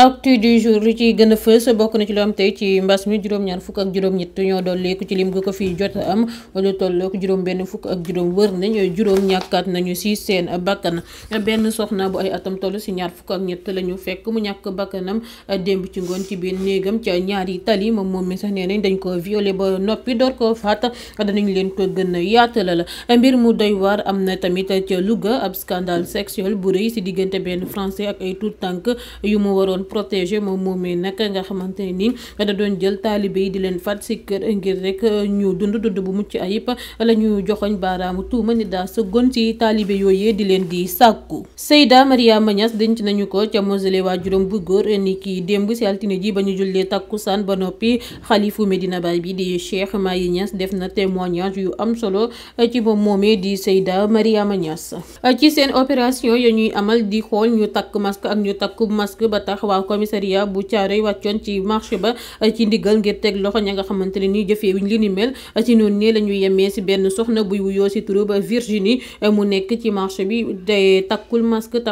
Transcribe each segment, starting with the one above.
actu du jour lu ci gën a fës bokk na ci lu am tey ci mbas mi juróom-ñaar fukk ak juróom-ñett ñoo dolleeku ci lim gi ko fi jot am lu tollook juróom-benn fukk ak juróom wër nañ juróom ñàkkaat nañu si seen bakkan benn soxna bu ay atam toll si ñaar fukk ak ñett la ñu fekk mu ñàkk bakkanam démb ci ngoon ci biir néegam ca ñaari tali moom moom mi sax nee nañ dañ ko violé ba noppi door ko faat danañ leen ko gën a la mbir mu doy waar am na tamit ca Louga ab scandale sexuel bu rëy ci diggante benn français ak ay tout tànk yu mu waroon protéger moom moomee nag nga xamante ne nii da doon jël taalibe yi di leen fat si kër ngir rek ñu dund dund bu mucc ayib la ñu joxoñ baaraamu tuuma ni daa sëggoon ci taalibe yooyee di leen di sàkku Seyda Mariama Niass denc nañu ko ca mausolée waajuram bu góor ni kii démb si altine ji ba ñu jullee takkusaan ba noppi xalifu Medina Baye bi di Cheikh Maye Niass def na témoignage yu am solo ci moom moomee di Seyda Mariama Niass ci seen opération ya ñuy amal di xool ñu takk masque ak ñu takk masque waa commissariat bu Thiaroye wàccoon ci marché ba eh, ci ndigal ngir teg loxo ña nga xamante eh, eh,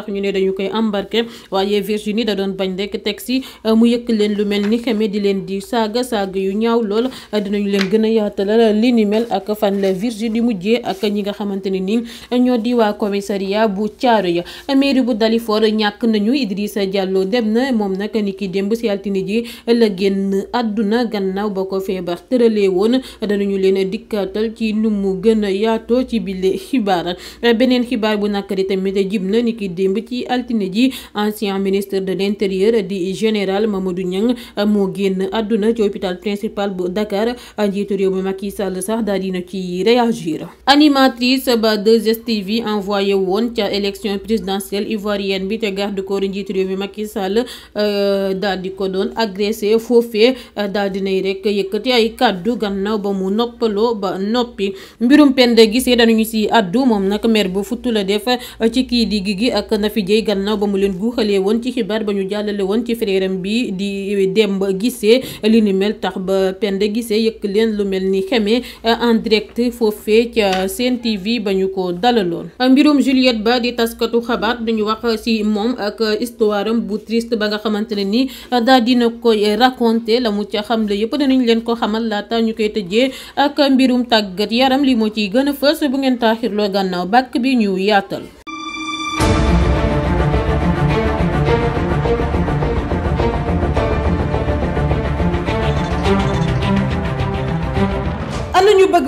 ñu ne dañu koy embarqué waaye Virginie da doon bañ rek teg si mu yëkk leen lu mel ni xeme di leen di saaga saaga yu ñaaw lool dinañu leen gën a yaatalal li ni mel ak fan la Virginie mujjee ak ñi nga xamante ne nii di waa commissariat bu Thiaroye mairie bu Dalifort ñàkk nañu Idrissa Diallo dem na moom nag ni ki démb si altine ji la génn àdduna gannaaw ba ko feebar tëralee woon dana danañu leen dikkaatal ci nu mu gën a yaatoo ci bile xibaar beneen xibaar bu naka di tamit jib na ni ki démb ci altine ji ancien ministre de l'intérieur di général ma du Niang moo génn àdduna ci hôpital principal bu Dakar njiitu réew mi Macky Sall sax daal na ci réagir animatrice ba 2STV envoyé woon ca élection présidentielle ivoirienne bi te garde corps njiitu réew mi Macky Sall Euh, daal di ko doon agressé foofee euh, daal di nay rek yëkkati ay kàddu gannaaw ba mu noppaloo ba noppi mbirum pend Penda Guissé dañu si àddu moom nag maire bu futtu la def euh, ci kii di Guigui ak Nafi Dièye gannaaw ba mu leen guuxalee woon ci xibaar ba ñu jàllale woon ci fréeram bi di dem Guissé li ni mel tax ba Penda gisee yëkk leen lu mel ni xeme en direct foofee ca Sen TV ba ñu ko dalaloon mbirum Juliette Ba di taskatu xabaar dañu wax si moom ak histoire bu triste ba nga xamante ne nii uh, daa dina koy uh, raconté la mu ca xam le yëpp danañ leen ko xamal laata ñu koy tëjee ak mbirum tàggat yaram li moo ciy gën a fës bu ngeen taaxirloo gànnaaw bàkk bi ñu yaatal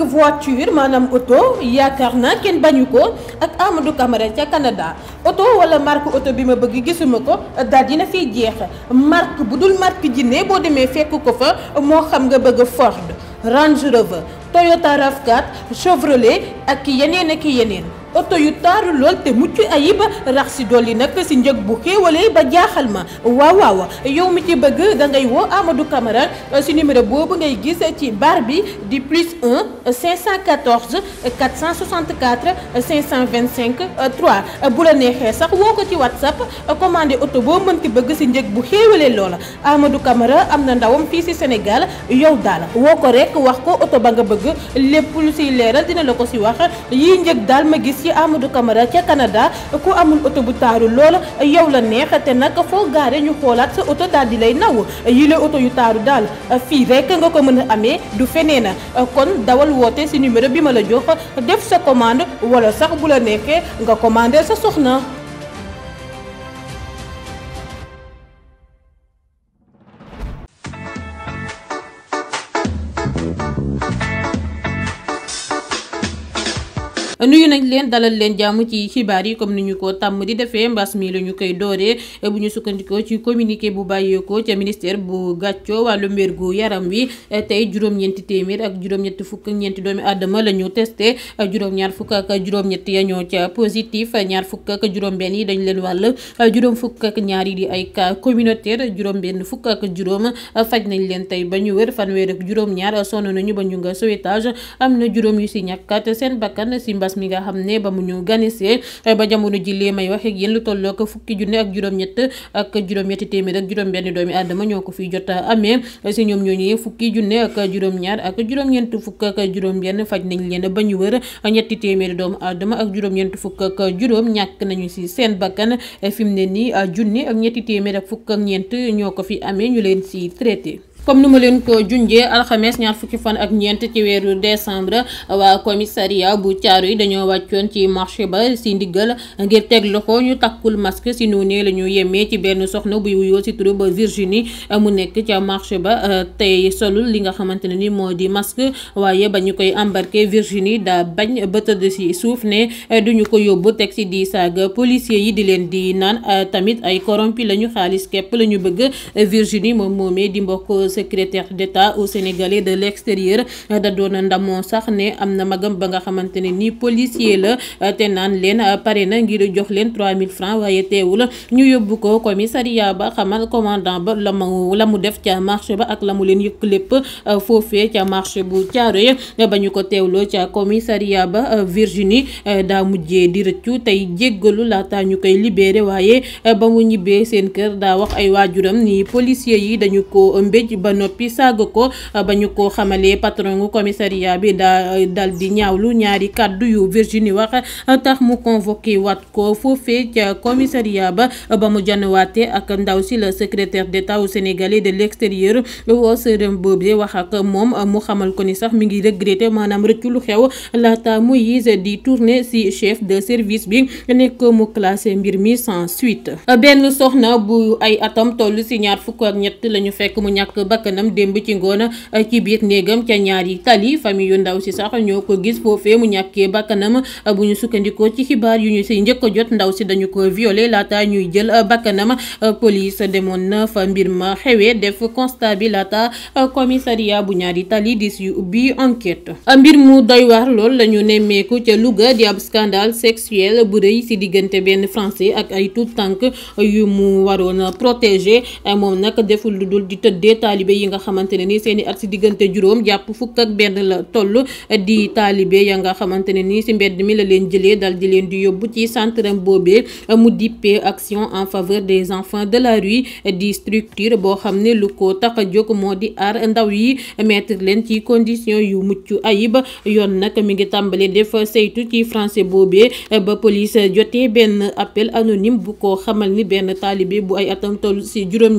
bëgg voiture maanaam oto yaakaar naa kenn bañu ko ak Amadou Camara ca Canada oto wala marque oto bi ma bëgg gisuma ko daal na fiy jeex marque bu dul marque jinne boo demee fekk ko fa moo xam nga bëgg Ford Range Rover Toyota RAV4 Chevrolet ak yeneen ak yeneen oto yu taaru lool te mucc ayib rax si dolli nag si njëg bu xéewale ba jaaxal ma waaw waaw yow mi ci bëgg da ngay woo Amadou Camara si numéro boobu ngay gis ci bar bi di plus 1 514 464 525 3 bu la neexee sax woo ko ci WhatsApp commandé oto boo mën mënti bëgg si njëg bu xéewale loola Amadou Camara am na ndawam fii si Sénégal yow daal woo ko rek wax ko oto ba nga bëgg lépp lu siy leeral dina la ko si wax yii njëg daal ma gis ci Amadou Camara ca Canada ku amul oto bu taaru lool yow la neex te nag foo gaare ñu xoolaat sa oto daal di lay naw yi la oto yu taaru daal fii rek nga ko mën a amee du feneen kon dawal woote si numéro bi ma la jox def sa commande wala sax bu la neexee nga commandé sa soxna. leen dalal leen jàmm ci xibaar yi comme ñu ko tàmm di defee mbas mi ñu koy dooree bu ñu sukkandikoo ci communiqué bu bàyyeekoo ca ministère bu gàcco wàllu mbir gu yaram wi tey juróom-ñeenti téeméer ak juróom-ñetti fukk ak ñeenti doomi la ñu testé juróom fukk ak juróom-ñetti ya ñoo ca positif ñaar fukk benn yi dañ leen wàll juróom fukk ak ñaar yi di ay cas communautaire juróom fukk ak juróom faj nañ leen ba ñu wër fanweer ak juróom-ñaar sonn nañu ba ñu nga sauvetage am na juróom yu si ñàkkat seen bakkan si mbas mi nga xam xam ne ba mu ñu ganisee eh, ba jamono ji lii may wax ak yéen lu tolloo ko fukki junne ak juróom-ñett ak juróom-ñetti téeméer ak juróom-benn doomi jot amee si ñoom ñooñu fukki junne ak juróom-ñaar ak juróom-ñeent fukk juróom-benn faj nañ leen ba ñu wër ñetti téeméeri doomu aadama ak juróom-ñeent fukk ak juróom ñàkk nañu si seen bakkan fi mu ne nii junne ak ñetti téeméer ak fukk ak ñeent ñoo ko fi amee ñu leen si traité comme nu ma leen ko junjee alxames ñaar fukki fan ak ñeent ci weeru décembre waa commissariat bu caaro yi dañoo wàccoon ci marché ba si ndiggal ngir teg loxo ñu takkul masque si noonu la ñu yemee ci benn soxna buy wuyoo si turu ba Virginie mu nekk ca marché ba euh, tey solul li nga xamante ne ni moo di masque waaye ba ñu koy embarqué Virginie da bañ ba tëdd si suuf ne euh, duñu ko yóbbu teg si di saaga policier yi di leen di naan euh, tamit ay corrompi lañu xaalis képp la ñu bëgg Virginie moom secrétaire d'État aux Sénégalais de l'extérieur da doon ndamoo sax ne am na magam ba nga xamante ne nii policier la te naan leen pare na ngir jox leen 3000 francs waaye teewul ñu yóbbu ko commissariat ba xamal commandant ba la mu la def ca marché ba ak la mu leen yëkk lépp foofee ca marché bu Thiaroye ba ñu ko teewloo ca commissariat ba Virginie daa mujjee di rëccu tey jéggalu laata ñu koy libéré waaye ba mu ñibbee seen kër daa wax ay waajuram ni policier yi dañu ba noppi saaga ko ba ñu ko xamalee patron gu bi daa dal di ñaawlu ñaari kàddu yu Virginie wax tax mu convoqué waat ko foofee ca commissariat ba ba mu janawaate ak ndaw si la secrétaire d'état au sénégalais de l'extérieur woo sërëm boobee wax ak moom mu xamal ko ni sax mi ngi regretté maanaam rëccu lu xew laata mu yise di tourner si chef de service bi nekk mu classé mbir mi sans suite benn soxna bu ay atam toll si ñaar fukk ak ñett lañu fekk mu bakkanam démb ci ngoon eh, ci biir néegam ca ñaari tali famille yu ndaw si sax ñoo ko gis foofee mu ñàkkee bakkanam eh, bu sukkandikoo ci xibaar yu ñu si njëkk jot ndaw si dañu ko violé laata ñuy jël eh, bakkanam police demoon na fa mbir ma xewee def constat bi laata commissariat bu ñaari tali di si ubbi enquête mbir mu doy waar lool la nemmeeku ca Louga di ab scandale sexuel bu rëy si diggante benn français ak ay tout tànk yu mu waroon protéger moom taalibe yi nga xamante ne nii seen i at si diggante juróom jàpp fukk ak benn la toll di taalibe ya nga xamante ne nii si mbedd mi la leen jëlee dal di leen di yóbbu ci centre boobee mu dippee action en faveur des enfants de la rue di structure boo xam ne lu ko tax a moo di aar ndaw yi mettre leen ci condition yu mucc ayib yoon nag mi ngi tàmbali def saytu ci français boobee ba police jotee benn appel anonyme bu ko xamal ni benn taalibe bu ay atam toll si juróom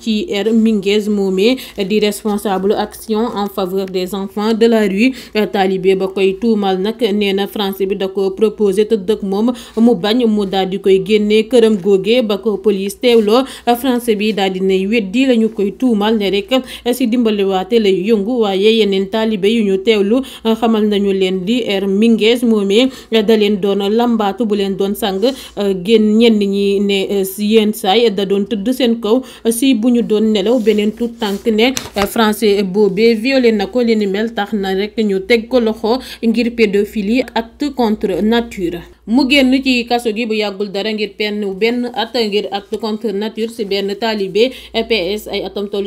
ci R Minguez moomee di responsable action en faveur des enfants de la rue taalibe ba koy tuumal nag nee na français bi da ko proposé te dëkk moom mu bañ mu daal di koy génnee këram googe ba ko police teewloo français bi daal di nay weddi la ñu koy tuumal ne rek si dimbaliwaate lay yëngu waaye yeneen taalibe yu ñu teewlu xamal nañu leen di R Minguez moomee da leen doon lambaatu bu leen doon sang génn ñenn ñi ne yéen saay da doon tëdd seen kaw si bu ñu doon nelaw beneen tout tànk ne euh, français boobe violé na ko li ni mel tax na rek ñu teg ko loxo ngir pédophilie acte contre nature mu génn ci kaso gi bu yàggul dara ngir penn benn at ngir acte contre nature si benn taalibe e PS ay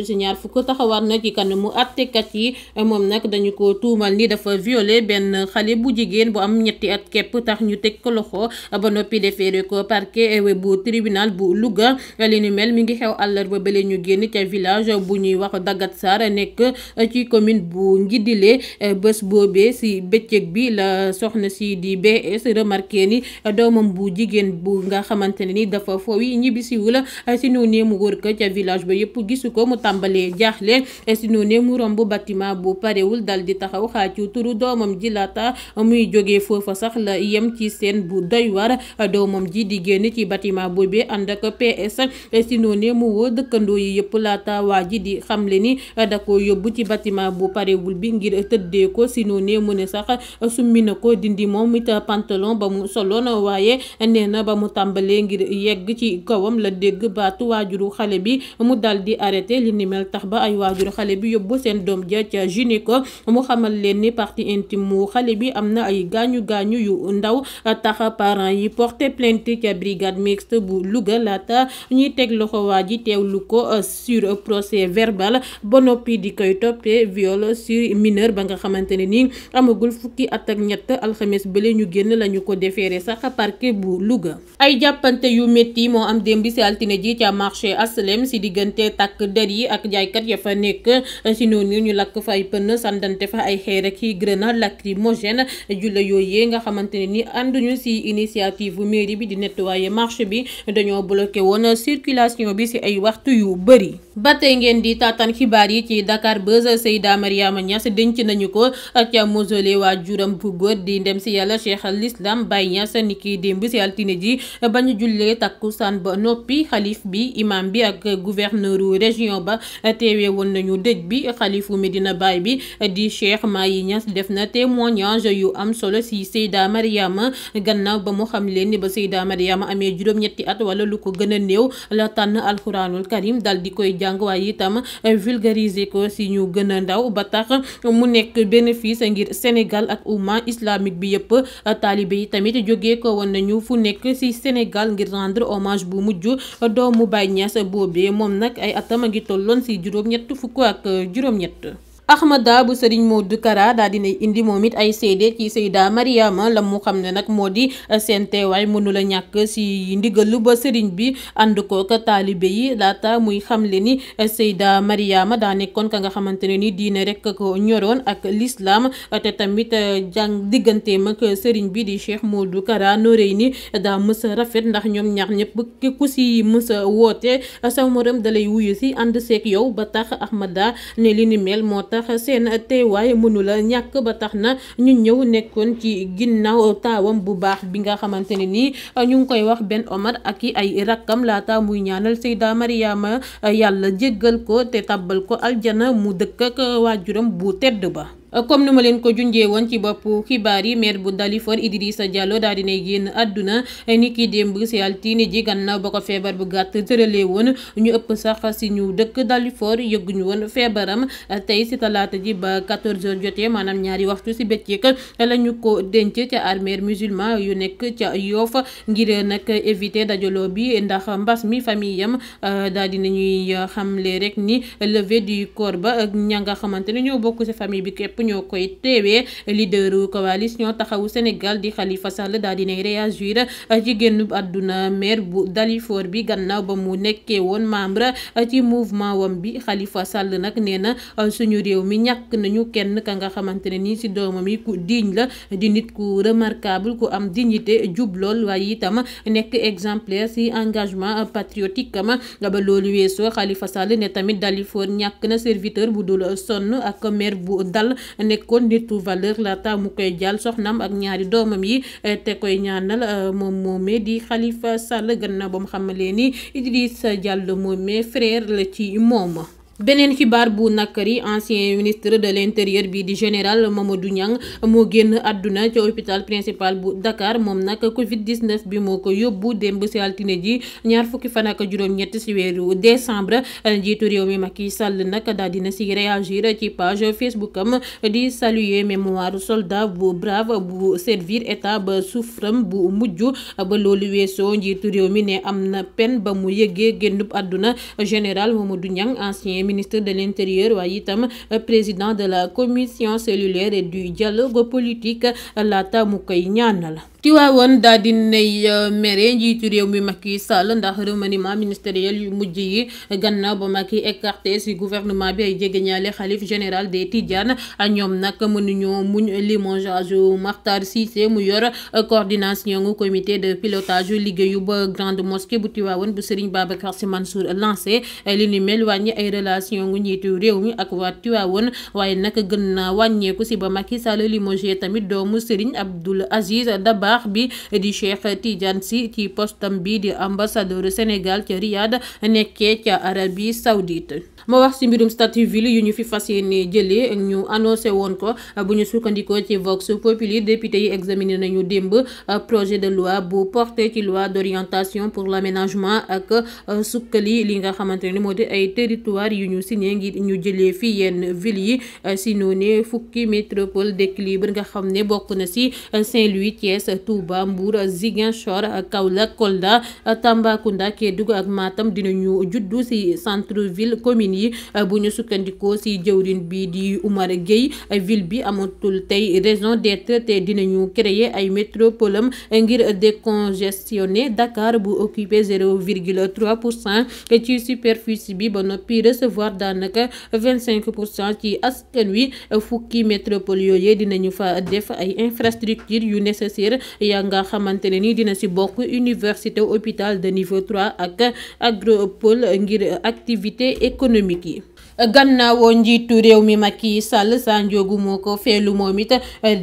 si ñaar fukk taxawaat na ci kanamu attekat yi moom nag dañu ko tuumal ni dafa violé benn xale bu jigéen bu am ñetti at képp tax ñu teg ko loxo ba noppi defeere ko parquet bu tribunal bu Louga li ni mi ngi xew àllarba bële ñu génn ca village bu ñuy wax Dagat Sarr nekk ci commune bu Ngidile bés boobee si bëccëg bi la soxna si di BS remarqué ni doomam bu jigéen bu nga xamante ne ni dafa foowi ñibbisiwu la si noonee mu wër ko ca village ba yëpp gisu ko mu tàmbalee jaaxle si noonee mu romb bâtiment bu parewul dal di taxaw xaacu turu doomam ji laata muy jógee foofa sax la yem ci seen bu doy war doomam ji di génn ci bâtiment boobee ànd ak PS si noonee mu woo dëkkandoo yi yëpp laata waa ji di xamle ni da yóbbu ci bâtiment bu parewul bi ngir tëddee ko si noonee mu ne sax summi na ko dindi moom it pantalon ba mu so tolloon waaye nee na ba mu tàmbalee ngir yegg ci kawam la dégg baatu waajuru xale bi mu dal di areté li ni tax ba ay waajuru xale bi yóbbu seen doom ja ca gynéco mu xamal leen ni partie intime mu xale bi am na ay gaañu gaañu yu ndaw tax parents yi porté plainte ca brigade mixte bu Louga lata ñuy teg loxo waa ji teewlu ko euh, sur procès verbal ba noppi di koy toppee viol sur mineur ba nga xamante ne nii amagul fukki at ak ñett alxames bële ñu génn lañu récupéré sax parquet bu Louga ay jàppante yu métti moo am démb ci altine ji ca marché aslem ci diggante takk der yi ak jaaykat ya fa nekk ci noonu ñu lakk fa ay pën sandante fa ay xeer ak i grenade lacrymogène jula yooyee nga xamante ne ni ànduñu ci initiative bu mairie bi di nettoyer marché bi dañoo bloqué woon circulation bi ci ay waxtu yu bëri ba tey ngeen di taataan xibaar yi ci Dakar Buzz Seyda Mariama Niass denc nañu ko ca mausolée waajuram bu góor di ndem ci yàl Niass ni ki démb si altine ji ba ñu jullee takkusaan ba noppi xalif bi imam bi ak gouverneuru région ba teewee woon nañu dëj bi xalifu Medina Baye bi di Cheikh Mahi Niass def na témoignage yu am solo si Seyda Mariama gannaaw ba mu xam leen ni ba Seyda Mariama amee juróom-ñetti at wala lu ko gën a néew la tànn alxuraanul karim dal di koy jàng waaye itam ko si ñu gën a ndaw ba tax mu nekk bénéfice ngir Sénégal ak umma islamique bi yëpp taalibe yi jóge jógee ko woon nañu fu nekk ci Sénégal ngir rendre hommage bu mujj doomu Baye Niass boobee moom nag ay atam a ngi tolloon ci juróom-ñett fukk ak juróom-ñett. Ahmada bu Serigne Modou Kara daa dinay indi moom it ay seede ci Seyda Mariama la mu xam ne nag moo di eh, seen teewaay mënu la ñàkk si ndigalu ba sëriñ bi ànd ko ak taalibe yi laata muy xamle ni eh, Seyda Mariama daa nekkoon ka nga xamante ne ni diine rekk ko ñoroon ak l'islam te tamit eh, jàng digganteem ak sëriñ bi di Cheikh Modou Kara nooree ni daa mës rafet ndax ñoom ñax ñëpp ku si mës woote sa morom dalay wuyu si ànd seeg yow ba tax Ahmada ne li ni mel sax seen teewaay mënula ñàkk ba tax na ñu ñëw nekkoon ci ginnaaw taawam bu baax bi nga xamante ne nii ñu ngi koy wax benn Omar ak i ay rakkam laata muy ñaanal Seyda Mariama yàlla jéggal ko te tàbbal ko aljana mu dëkk ak waajuram bu tedd ba comme nu ma leen ko junjee woon ci bopp xibaar yi maire bu Dalifort sa Diallo daal dinay génn àdduna ni ki démb si altine ji gannaaw ba ko feebar bu gàtt tëralee woon ñu ëpp sax si ñu dëkk Dalifort yëgguñu woon feebaram tey si talaata ji ba 14h jotee maanaam ñaari waxtu si bëccëg la ñu ko denc ca armeer musulman yu nekk ca yoofa ngir nag éviter dajaloo bi ndax mbas mi famille yam euh, daal dinañuy xamle rek ni levée du corps ba ak ña nga xamante ne ñoo bokk famille bi képp ñoo koy teewee leaderu coalition taxawu Sénégal di Khalifa Sall daal dinay réagir ci génn àdduna maire bu Dalifort bi gannaaw ba mu nekkee woon membre ci mouvement wam bi Khalifa Sall nag nee na suñu réew mi ñàkk nañu kenn ka nga xamante ne nii si doomam yi ku digne la di nit ku remarquable ku am dignité jub lool waaye itam nekk exemplaire si engagement patriotique am ba loolu weesoo Khalifa Sall ne tamit Dalifort ñàkk na serviteur bu dul sonn nekkoon nitu valeur laata mu koy jàll soxnam ak ñaari doomam yi eh, te koy ñaanal eh, moom moomee di Khalifa Sall gannaaw ba mu xamalee ni Idrissa Diallo moomee frère la ci moom. beneen xibaar bu nàkkari ancien ministre de l'intérieur bii di général du ñan moo génn àdduna ca hôpital principal bu Dakar moom nag Covid 19 bi moo ko yóbbu démb si altine ji ñaar fukki fan ak juróom-ñett si weeru décembre njiitu réew mi Macky Sall nag daal dina si réagir ci page Facebook am di saluer mémoire soldat bu brave bu servir état ba souffram bu mujj ba loolu weesoo njiitu réew mi ne am na peine ba mu yëgee génnub àdduna général Mamadou Niang ancien ministre de l'intérieur waaye itam euh, président de la commission cellulaire et du dialogue politique laata mu koy la Tiwaawoon daal di nay euh, mere njiitu réew mi yi Sall ndax remaniement ministériel yu mujj yi gannaaw ba Macky écarté ci gouvernement bi ay jegeñaale xalif général des Tidiane ñoom nag mënuñoo muñ limogeage Makhtar Cissé mu yor coordination gu comité de pilotage liggéeyu ba grande mosquée bu Tiwaawoon bu Serigne Babacar Sy Mansour lancé li ni mel wàññi ay relation gu njiitu réew mi ak waa Tiwaawoon waaye nag gën naa wàññeeku ci ba Macky Sall limogé tamit doomu Serigne Abdoul Aziz Daba baax bi di Cheikh Tidiane Sy ci postam bi di ambassadeur Sénégal ca Riyad nekkee ca Arabie Saoudite ma wax ci mbirum statut ville yu ñu fi fas yéene jëlee ñu annoncé woon ko bu ñu sukkandikoo ci Vox Populi député yi examiné nañu démb euh, projet de loi bu porté ci loi d'orientation pour l'aménagement ak euh, sukkali li nga xamante ne moo di ay territoire yu ñu signé ngir ñu jëlee fi yenn ville yi euh, si noonu fukki métropole d'équilibre nga xam ne bokk na si Saint-Louis Thiès Touba Mbour Ziguinchor Kaolack Kolda Tambacounda Kédougou ak Matam dinañu juddu ci centre ville commune yi bu ñu sukkandikoo ci jëwrin bi di Oumar Gueye ville bi amatul tey raison d'être te dinañu créer ay métropole am ngir décongestionner Dakar bu occupé zéro trois pour cent ci superficie bi ba noppi recevoir daanaka vingt cinq pour cent ci askan wi fukki métropole yooyu dinañu fa def ay infrastructures yu nécessaire ya nga xamante ne ni dina si bokk université hôpital de niveau ak agropole ngir activité économique yi. gannaaw njiitu réew mi Macky Sall Sanjogu moo ko feelu moom it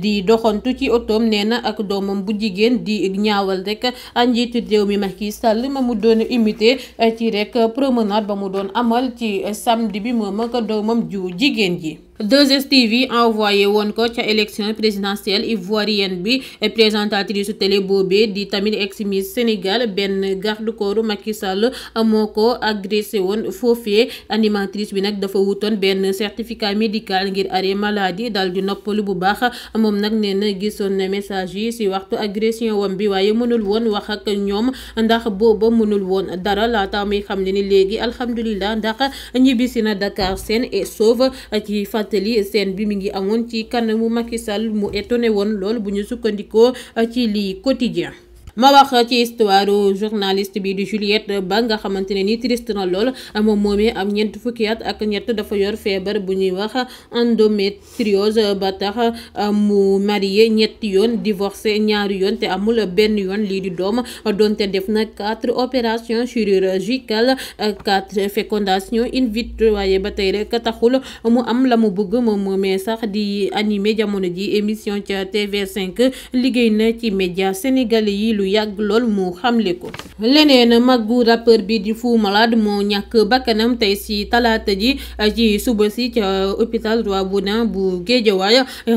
di doxantu ci otoom nee na ak doomam bu jigéen di ñaawal rek njiitu réew mi ki Sall ma mu doon imité ci rek promenade ba mu doon amal ci samedi bi moom ak doomam ju jigéen ji. 2STV envoyé woon ko ca élection présidentielle ivoirienne bi présentatrice télé boobee di tamit ex Miss Sénégal benn garde corps Macky Sall moo ko agressé woon foofee animatrice bi nag dafa wutoon benn certificat médical ngir arrêt maladie dal di noppalu bu baax moom nag nee gisoon na message yi si waxtu agression wam bi waaye mënul woon wax ak ñoom ndax booba mënul woon dara laata muy xam ne ni léegi alhamdulilah ndax ñibbisi na Dakar Seen et mottali seen bi mi ngi amoon ci kanamu Macky Sall mu étonné woon loolu bu ñu sukkandikoo ci lii quotidien ma wax ci histoire journaliste bi di Juliette Ba nga xamante ne nii triste na lool moom moomee am ñeent fukki at ak ñett dafa yor feebar bu ñuy wax endométriose ba tax mu marié ñetti yoon divorcé ñaari yoon te amul benn yoon lii di doom donte def na quatre opérations chirurgicales quatre fécondations in vitro waaye ba tey rek taxul mu am la mu bëgg moom moomee sax di anime jamono ji émission ca tv liggéey na ci média sénégalais yi lu yàgg lool mu xamle ko leneen mag bu rappeur bi di Fou Malade moo ñàkk bakkanam tey si talaata ji ci suba si ca hôpital Roi Baudouin bu géejawaay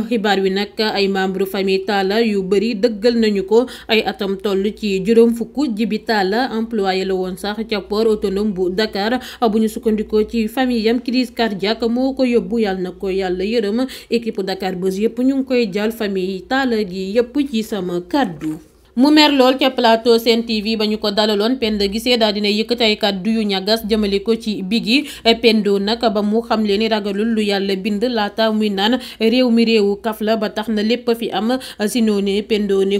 xibaar bi nag ay membre famille Talla yu bëri dëggal nañu ko ay atam toll ci juróom fukk Jibi Talla employé la woon sax ca port autonome bu Dakar bu ñu sukkandikoo ci famille yam kar cardiaque moo ko yóbbu yàlla na ko yàlla yërëm équipe Dakar Buzz yëpp ñu ngi koy jàll famille Talla gi yëpp ci sama du mu mer lool ca plateau Sen TV ba ñu ko dalaloon Penda Guissé daal dina yëkkatay kàddu yu ñagas jëmale ko ci Biggi Pendo nag ba mu xam leen ni ragalul lu yàlla bind laata muy naan réew mi réewu kaf la ba tax na lépp fi am si noonu Pendo ne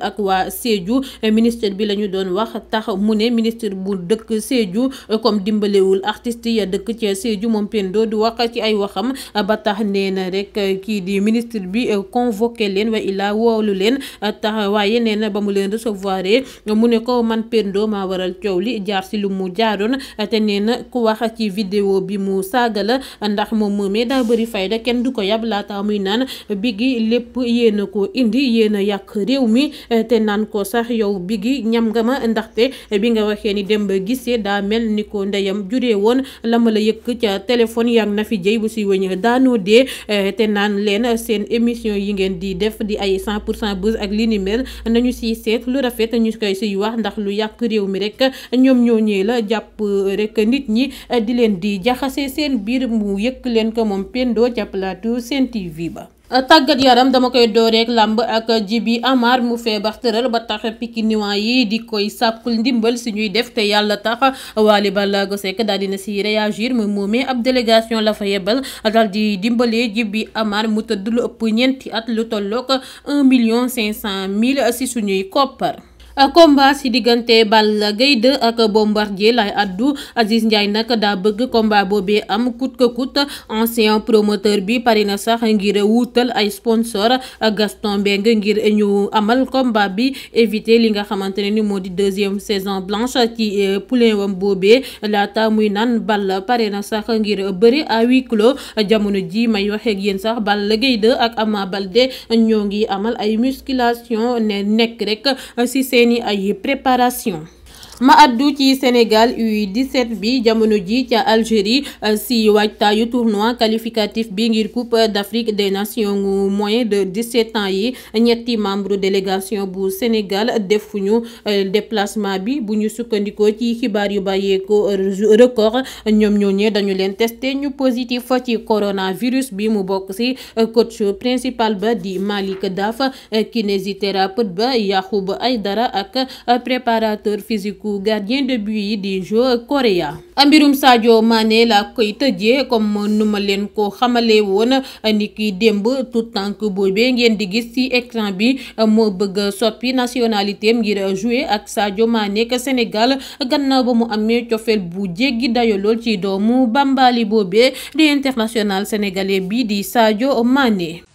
ak waa Sédhiou ministre bi la ñu doon wax tax mu ne ministre bu dëkk Sédhiou comme dimbalewul artist ya dëkk ca Sédhiou moom Pendo du wax ci ay waxam ba tax nee na rek kii di ministre bi convoqué leen wa illaa woolu leen tax waaye nee ba mu leen recevoir mu ne ko man Pendo maa waral coow li jaar si lu mu jaaroon te nee na ku wax ci vidéo bi mu saaga la ndax moom moomee daa bëri fayda kenn du ko yab laata muy naan bigi lépp yéen a ko indi yéen a yàq réew mi te naan ko sax yow bigi ñam ndaxte bi nga waxee ni dem ba gisee daa mel ni ko ndeyam juree woon lama la yëkk ca téléphone yaa ngi na fi jëy bu si wëñ daanoo dee te naan leen seen émission yi ngeen di def di ay 100 pour cent buzz ak li nañu si seet lu rafet ñu koy siy wax ndax lu yàq réew mi rek ñoom ñoo ñëwee la jàpp rek nit ñi di leen di jaxase seen biir mu yëkk leen ko moom pendoo ca plateau Sen TV ba. tàggat yaram dama koy dooreek làmb ak Djiby Amar mu feebar tëral ba tax pikiniwaa yi di koy sàkkul ndimbal si ñuy def te yàlla tax Waly Ballago Seck daal dina si réagir mu moomee ab délégation la fa yebal daal di dimbalee Djiby Amar mu tëdd lu ëpp ñeenti at lu tollook un million cinq cent mille si suñuy koppar combat si diggante Balla Gaye 2 ak Bombardier lay addu Aziz Ndiaye nak daa bëgg combat boobee am coûte que coûte ancien promoteur bi pari na sax ngir wuutal ay sponsor Gaston Mbengue ngir ñu amal combat bi éviter li nga xamante ne ni moo di deuxième saison blanche ci euh, poulain wam boobee laata muy naan Balla pare na sax ngir bëri à huis jamono ji may waxee ak sax Balla Gaye 2 ak Ama Baldé ñoo ngi amal ay musculation nekk rek si seen fini ay préparation ma addu ci Sénégal u bi jamono ji ca Algérie euh, si waajtaayu tournoi qualificatif bi ngir Coupe d'Afrique des Nations mu moyen de 17 ans yi ñetti membre délégation bu Sénégal defuñu euh, déplacement bi bu ñu sukkandikoo ci xibaar yu bàyyeeko euh, record ñoom ñooñee dañu leen testé ñu positif ci coronavirus bi mu bokk ci coach principal ba di Malick Daf kinésithérapeute ba Yahoub Aydara ak préparateur physique gardien de but yi di joueur Korea mbirum Sadio Mané la koy tëjee comme nu leen ko xamale woon ni ki démb tout tànk boobee ngeen di gis ci écran bi moo bëgg soppi nationalité ngir jouer ak Sadio Mané ak Sénégal gannaaw ba mu amee cofeel bu jéggi dayo ci doomu bambali boobee di international sénégalais bi di Sadio Mané